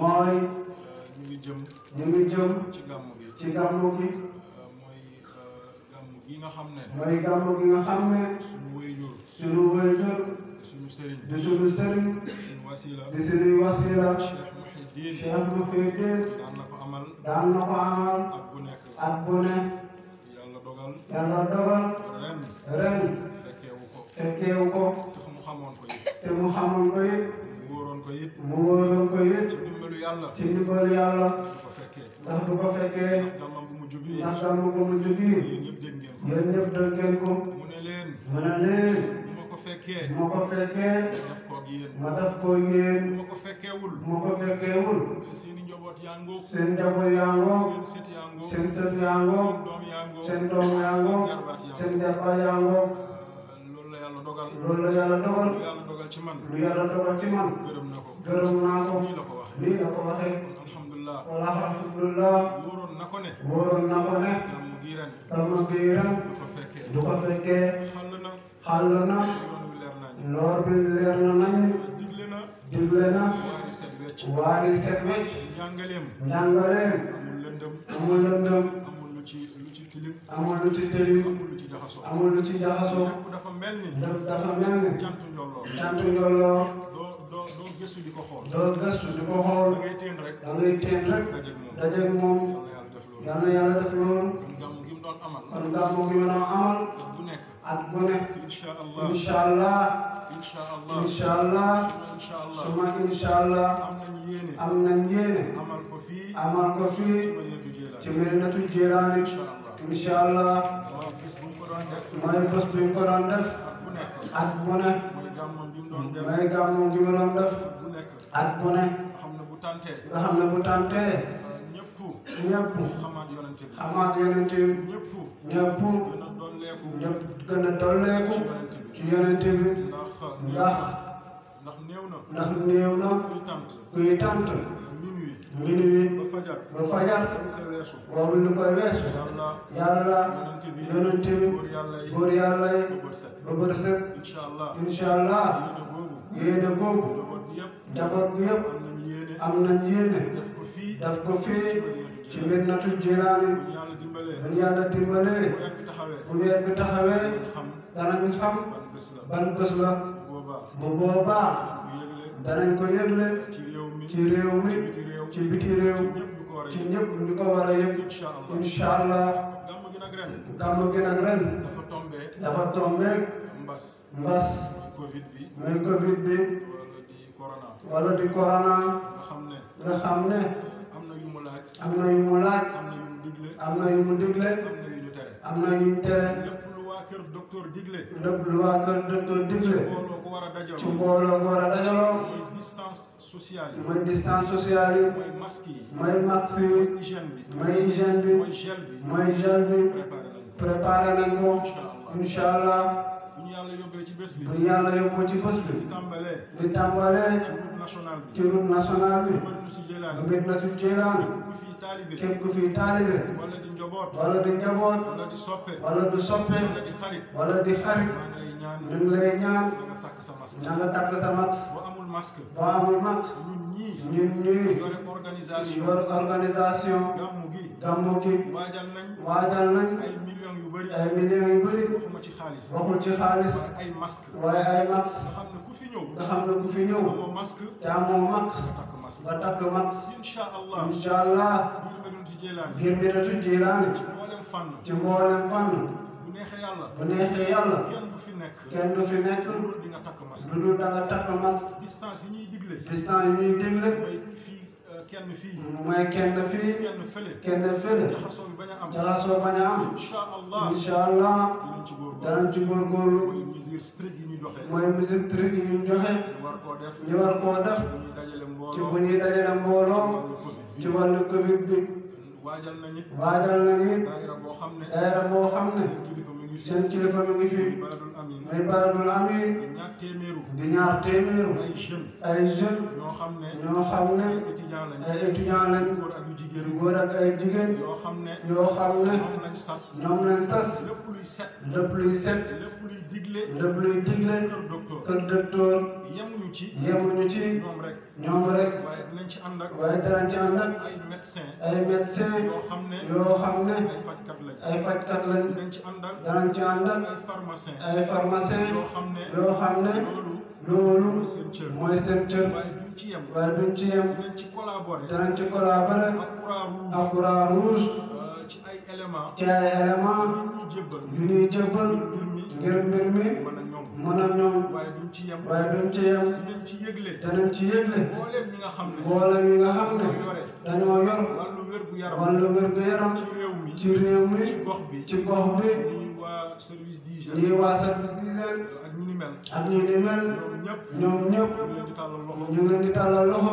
mooy. ñu ngi jëm. ñu ngi jëm. ci gàmmu gi ci gàmmu gi. Euh, mooy euh, gàmmu gi nga xam ne. mooy gàmmu gi nga xam ne. suñu wéyjur. suñu wéyjur. suñu sëriñ. di suñu sëriñ. suñu wasila. di suñu wasila. Cheikh Mouhidine. Cheikh Mouhidine. daan na ko amal. daan na ko amal. at bu nekk. at bu nekk. yàlla dogal. yàlla dogal. ren. ren. ndax du ko fekkee ndax daal ko fekkee bu ma ko fekkee ma seen njaboot yaangoo seen seen sët yaangoo seen seen doom yaangoo seen euh, loolu la la dogal lu yàlla dogal dogal ci man gërëm naa ko gërëm la ko waxee rasulullah wala rasulullah wóoroon na ko loor bi leer na nañ digle na waari set wecc waari set wecc njàngaleem njàngaleem amul tilim amul lu ci tilim dafa mel ni dafa gëstu di ko xool. doo gëstu di ko xool. da ngay téen rek. da ngay téen rek. dajeeg moom dajeeg moom. yal na yàlla def loolu. kon gàmmu gi mu doon amal. kon gàmmu gi mu doon amal. at bu nekk. at bu nekk. incha allah incha allah. incha allah incha allah. suma incha allah. am nañ yéene. am nañ yéene. amal ko fii. amal ko fii. ci Madinatu Jilaani. incha allah. incha allah. mooy bés bu ñu ko doon def. bu nekk. at bu ne. mooy gàmmoom gi mu doon def. mooy gàmmoom bu nekk. at bu ne. xam ne bu tàntee. nga xam ne bu tàntee. ñëpp. ñëpp. xamaat dolleeku. ci yonente na. ndax néew na. kuy tànt. kuy minuit ba fajar ba fajar waruñu ko weesu waruñu ko weesu yàlla yàlla yonent bi góor yàlla yi ba bët set incha allah yéene boobu jaboot gi yëpp am nañ yéene daf ko fii ci Madinatul Jilaani dañ yàlla dimbalee bu weer bi taxawee danañ xam ban bés la bu boobaa danañ ko yëgle ci réew mi ci biti réew ci ñëpp ñu ko war a yëg incha allah gàmm dafa tombeek mbas muy covid bi wala di corona nga xam ne am na yu laaj am na yu mu digle am na yu tere docteur digle. ci mbooloo ko war a dajaloo. mooy distance sociale yi. mooy distance mooy masque yi. mooy ko. préparé bu ñu yàlla yóbbee ci bés bi. bu ñu yàlla yóbboo ci bés bi. di tàmbalee. di tàmbalee. ci route nationale bi. ci route nationale bi. Madinatu Jilaani. Madinatu Jilaani. képp ku fi taalibe. képp ku fi taalibe. wala di njaboot. wala di njaboot. wala di soppe. wala di soppe. wala di xarit. wala di xarit. ñu ngi lay ñaan. na nga takk sa masque. boo amul masque. boo amul masque. ñun ñii. ñun ñii. yore organisation. yore organisation. gàmmu gi. gàmmu gi. waajal nañ. waajal nañ. ay millions yu bëri. ay millions yu bëri. waxuma ci xaalis. waxul ci xaalis. xaalis. ay masque waaye ay masque. nga xam ne ku fi ñëw. nga xam ne ku fi ñëw. amoo masque. te amoo masque. nga takk masque. incha allah incha allah. ngir mbiratu jilaani. ci mboolem fànn. bu neexee yàlla. kenn du fi nekk. kenn du fi nekk. lu dul di nga takk masque. distance yi ñuy digle. kenn fii mooy kenn fii kenn fële kenn fële jaxasoo bi bañ a am jaxasoo bañ a am incha allah incha allah danañ ci góorgóorlu danañ ci góorgóorlu mooy mesure strict yi ñu joxe mooy mesure strict yi ñu joxe ñu war koo def ñu war koo def bu ñuy dajale mbooloo ci bu ñuy dajale mbooloo ci wàllu covid bi waajal na nit waajal na nit daayira boo xam ne daayira boo xam ne seen kilifa mi ngi fi muy Baradul Amir di ñaar téeméeru ay jeunes ñoo xam ne ay étudiants lañ góor ak ay jigéen yoo xam ne ñoom lañ sas lépp luy set lépp luy set lépp digle kër docteur yemuñu ci ñoom rek waaye dinañ ci ànd ak ay médecins yoo xam ne ay fajkat lañ dinañ ci ànd danañ ci ànd ak ay pharmacien yoo xam ne loolu mooy seen cër waaye ci yem danañ ci ak croix rouge euh, ci ay éléments yu ngir mbir mi mën a ñoom waaye duñ ci yem waaye duñ ci yem dinañ ci yëgle danañ ci yëgle mboolem ñi nga xam ne mboolem ñi nga xam ne dañoo yor wàllu wér gu yaram wàllu wér gu yaram ci réew mi ci réew mi ci gox bi ci gox bi ñii waa service d'hygiène ñii waa service d'hygiène ak ñi ni mel ak ñi ni mel ñoom ñëpp ñoom ñëpp ñu ngi leen di tàllal loxo ñu ngi leen di tàllal loxo